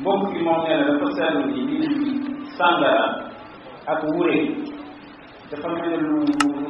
mbokk bi moom nee na dafa seetlu ni lii sàngara ak wure dafa mel ne lu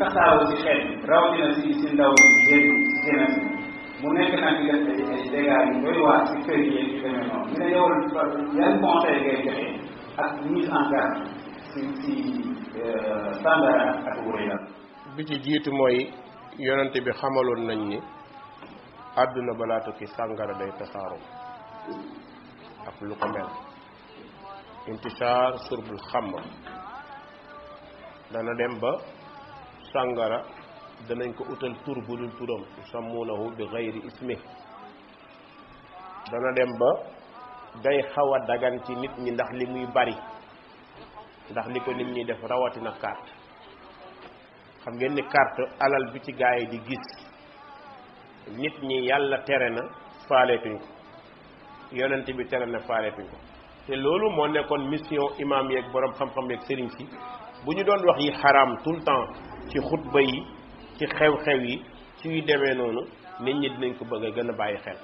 tasaaroo ci xeet bi rawatina si si ndaw génn génn mu nekk nag di def ay dégâts yu yi ci joxe ak mise en garde si si euh, sàngara ak wure la bi ci jiitu mooy yonente bi xamaloon nañ ni àdduna balaa tukki sàngara day tasaaroo ak lu ko mel intisaar surbul xamr dana dem ba sàngara danañ ko utal tur bu dul turam yusammuunahu bi xayri ismi dana dem ba day xaw a dagan ci nit ñi ndax li muy bari ndax li ko nit ñi def rawatina carte xam ngeen ni carte alal bi ci gaa yi di gis nit ñi yàlla tere na faaleetuñ yonent bi tere na faareetuñ ko te loolu moo nekkoon mission imam yeeg borom xam-xam yeeg sëriñ si bu ñu doon wax yi xaram tout le temps ci xutba yi ci xew-xew yi ci yu demee noonu nit ñi dinañ ko bëgg a gën a bàyyi xel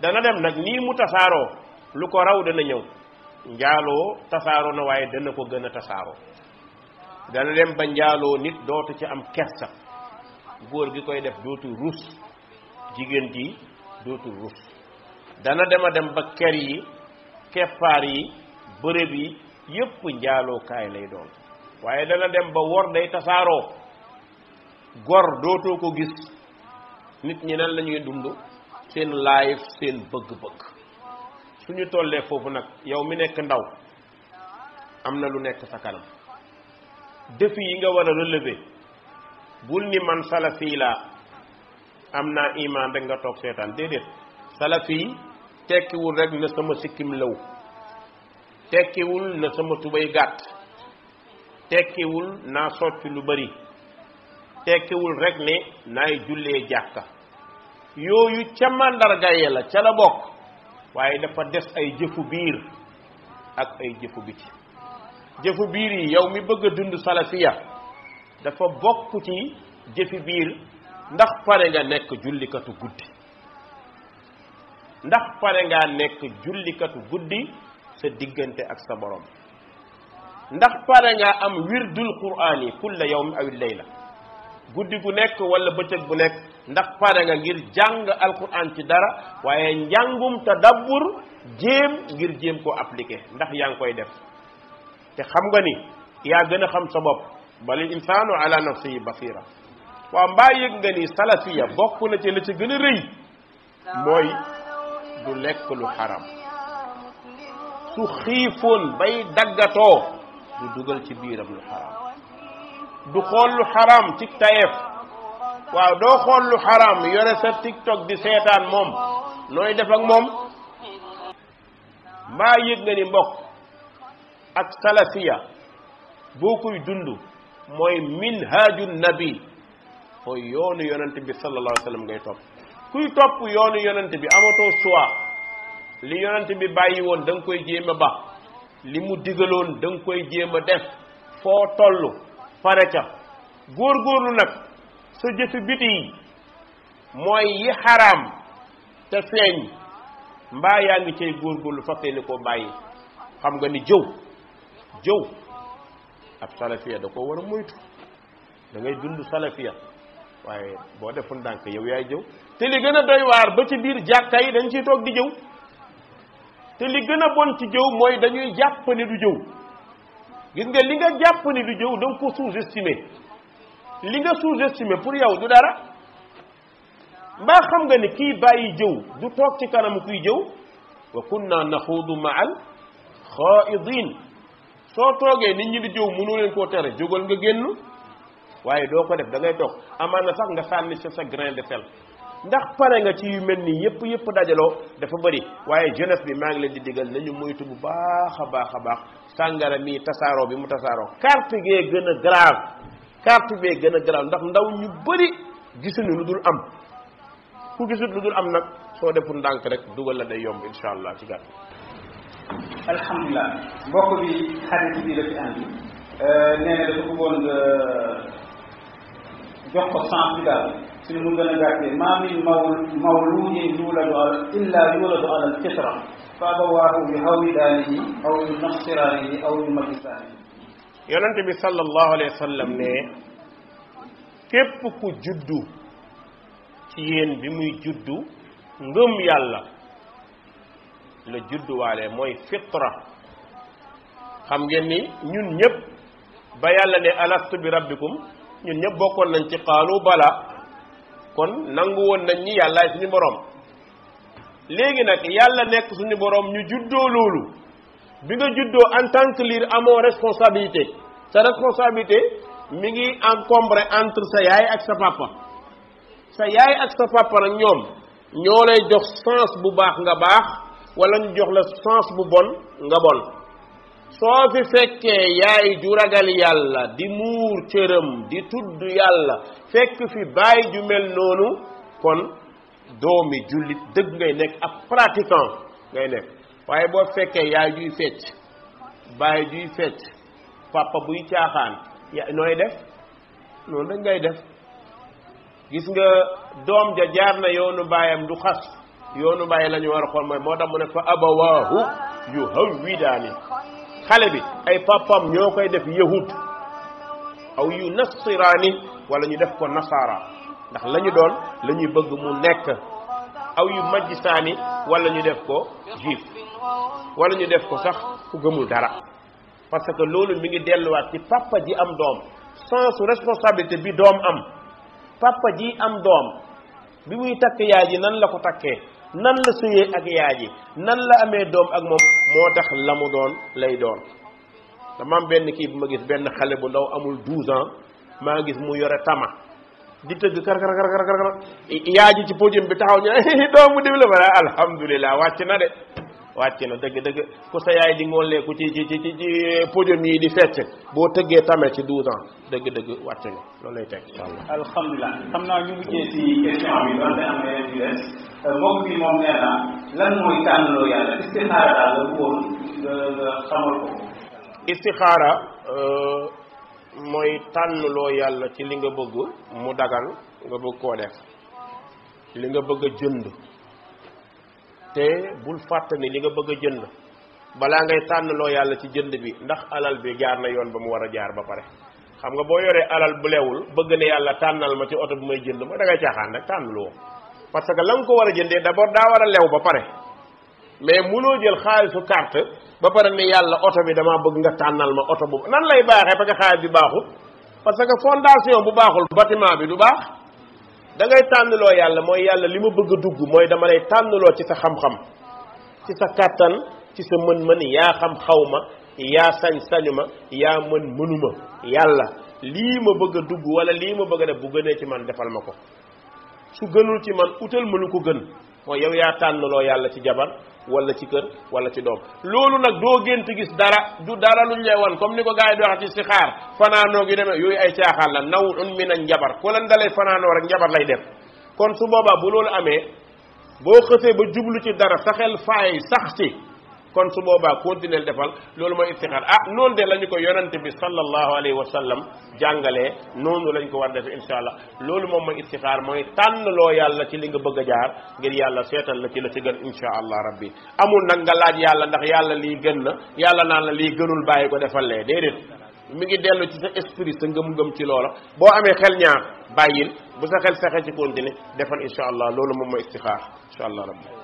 dana dem nag nii mu tasaaroo lu ko raw dana ñëw njaaloo tasaaroo na waaye dana ko gën a tasaaroo dana dem ba njaaloo nit dootu ci am kersa góor gi koy def dootu rus jigéen gi dootu rus dana dema dem ba ker yi keppaar yi bërëb yi yépp njaalookaay lay doon waaye dana dem ba wor day tasaaroo gor dootoo ko gis nit ñi nan lañuy ñuy dund seen life seen bëgg-bëgg ñu tollee foofu nag yow mi nekk ndaw am na lu nekk sa kanam défi yi nga war a relever bul ni man salafi laa am naa iman rek nga toog seetaan déedéet salafi tekkiwul rek na sama sikkim law tekkiwul na sama tubéy gàtt tekkiwul naa socc lu bari tekkiwul rekk ne naay jullee jàkka yooyu ca màndarga la ca la bokk waaye dafa des ay jëfu biir ak ay jëfu biti jëfu biir yi yow mi bëgg a dund salafiya dafa bokk ci jëfi biir ndax pare nga nekk jullikatu guddi ndax pare nga nekk jullikatu guddi sa diggante ak sa boroom ndax pare ngaa am wirdul quraan yi kulla yawmi awil layla guddi gu nekk wala bëccëg bu nekk ndax pare nga ngir jàng alquran ci dara waaye njàngum tadabbur jéem ngir jéem koo appliqué ndax yaa ngi koy def te xam nga ni yaa gën a xam sa bopp balil insaanu ala nafsihi basira waaw mbaa yëg nga ni salafiya bokk na ci la ci gën a rëy mooy du lekk lu xaram su xiifoon bay daggatoo du dugal ci biiram lu xaram du xool lu xaram ci tayeef waaw doo xool lu xaram yore sa tiktok di seetaan moom nooy def ak moom mbaa yëg nga ni mbokk ak salafiya boo koy dund mooy minhaaju nabi mooy yoonu yonent bi sallallahu alayhi wa sallam ngay topp kuy topp yoonu yonent bi amatoo choix li yonent bi bàyyi woon da koy jéem a ba li mu digaloon da koy jéem a def foo tollu fare ca góorgóorlu nag sa jëfi biti yi mooy yi xaraam te feeñ mbaa yaa ngi góor góorgóorlu fakkee ni ko bàyyi xam nga ni jëw jëw ab salafiya da ko war a moytu dangay ngay dund salafiya waaye boo defoon ndànk yow yaay jëw te li gën a doy waar ba ci biir jàkka yi dañ ciy toog di jëw te li gën a bon ci jëw mooy dañuy jàpp ne du jëw gis nga li nga jàpp ni du jëw da nga ko sous-estimer li nga sous-estimer pour yow du dara mbaa xam nga ni kii bàyyi jëw du toog ci kanamu kuy jëw wa kunna naxuudu ma al xaaidin soo toogee nit ñi di jëw mënoo leen koo tere jógal nga génn waaye doo ko def da ngay toog amaana sax nga sànni sa sa grain de ndax pare nga ci yu mel nii yëpp yëpp dajaloo dafa bari waaye jeunesse bi maa ngi leen di digal nañu moytu bu baax a baax a baax sàngara mii tasaaroo bi mu tasaaroo carte gee gën a grave carte bee gën a grave ndax ndaw ñu bëri gisuñu lu dul am ku gisut lu dul am nag soo deful ndànk rek dugal la day yomb insha allah ci gàtt alhamdulilah mbokk bi xarit bi la fi andi euh, nee dafa bëggoon euh, jox ko sens bi daal suñu mu gën a gàttee maa min mawluudin yuuladu ala illa yuuladu ala alfitra fa abawaahu yuhawidaanihi aw yunassiraanihi aw yumajjisaanihi yonente bi sallallahu alayhi wa sallam ne képp ku juddu ci yéen bi muy juddu yàlla la judduwaale mooy fitra xam ngeen ni ñun ñëpp ba yàlla ne alastu bi rabbikum ñun ñëpp bokkoon nañ ci xaalu bala kon nangu woon nañ ñi yàllaay suñu borom léegi nag yàlla nekk suñu borom ñu juddoo loolu bi nga juddoo en tant que lire amoo responsabilité sa responsabilité mi ngi encombré entre sa yaay ak sa papa sa yaay ak sa papa nag ñoom ñoo lay jox sens bu baax nga baax wala ñu jox la sens bu bon nga bon soo fi fekkee yaay ju ragal yàlla di muur cëram di tudd yàlla fekk fi baay ju mel noonu kon doomi jullit dëgg ngay nekk ab pratiquant ngay nekk waaye boo fekkee yaay juy fecc baay juy fecc papa buy caaxaan ya nooy def noonu dëgg ngay def gis nga doom ja jaar na yoonu baayam du xas yoonu baay lañu war a xool mooy moo tax mu ne fa abawaahu yu hawwidaani xale bi ay papam ñoo koy def yahud aw yu nasiraani walla ñu def ko nasaara ndax lañu doon lañuy bëgg mu nekk aw yu majjisaani wala ñu def ko juif wala ñu def ko sax ku gëmul dara parce que loolu mi ngi delluwaat ci papa ji am doom sens responsabilité bi doom am papa ji am doom bi muy takk yaay ji nan la ko takkee nan la suye ak yaaji nan la amé doom ak mom motax lamu la doon lay doon dama am benn kii bu ma gis benn xale bu ndaw amul 12 ans maa gis mu yore tama di tëgg kar kar kar kar kar yaaji ci podium bi taxaw ñu doomu diw la ma alhamdulilah wàcc na de wàcc na dëgg dëgg ku sa yaay di ngooleeku ci ci ci ci podium yi di fecc boo tëggee tame ci 12 ans dëgg dëgg wàcc nga loolu lay teg incha allah. xam naa ñu mujjee ci question am yeneen yu des euh, mbokk bi moom nee lan mooy tànnaloo yàlla istixaara daal la woon nga nga mooy tànnaloo yàlla ci li nga bëgg mu dagan nga bëgg koo def li nga bëgg a jënd. te bul fàtte ni li nga bëgg a jënd balaa ngay tànnloo yàlla ci jënd bi ndax alal bi jaar na yoon ba mu war a jaar ba pare xam nga boo yoree alal bu lewul bëgg ne yàlla tànnal ma ci oto bi may jënd ma da ngay caaxaan rek tànnloo parce que la nga ko war a jëndee d'abord daa war a lew ba pare mais munoo jël xaalisu carte ba pare ne yàlla oto bi damaa bëgg nga tànnal ma oto boobu nan lay baaxee parce que xaalis bi baaxul parce que fondation bu baaxul baax da ngay tànnloo yàlla mooy yàlla li ma bëgg a dugg mooy dama lay tànnloo ci sa xam-xam ci sa kàttan ci sa mën-mën yaa xam xaw ma yaa sañ-sañu ma yaa mën mënu yàlla lii ma bëgg a dugg wala lii ma bëgg a def bu gënee ci man defal ma ko su gënul ci man utal ma lu ko gën mooy yow yaa tànnaloo yàlla ci jabar wala ci kër wala ci doom loolu nag doo gént gis dara du dara luñ lay wan comme ni ko gars yi di waxee ci sixaar fanaanoo gi demee yooyu ay caaxaan la nawun min a njabar ku lan dalee fanaanoo rek njabar lay def kon su boobaa bu loolu amee boo xësee ba jublu ci dara sa xel faay sax ci kon su boobaa continuer defal loolu mooy iftixaar ah noonu de la ñu ko yonante bi sallallahu alayhi wa sallam jàngalee noonu lañ ko war def incha allah loolu moom mooy iftixaar mooy tànn loo yàlla ci li bëgg a jaar ngir yàlla seetal la ci la ci gën incha allah rabbi amul nag nga laaj yàlla ndax yàlla lii gën na yàlla naan la lii gënul bàyyi ko defal lee déedéet mu ngi dellu ci sa esprit sa ngëm-ngëm ci loola boo amee xel ñaar bàyyil bu sa xel saxee ci continuer defal incha allah loolu moom mooy istixaar incha allah rabbi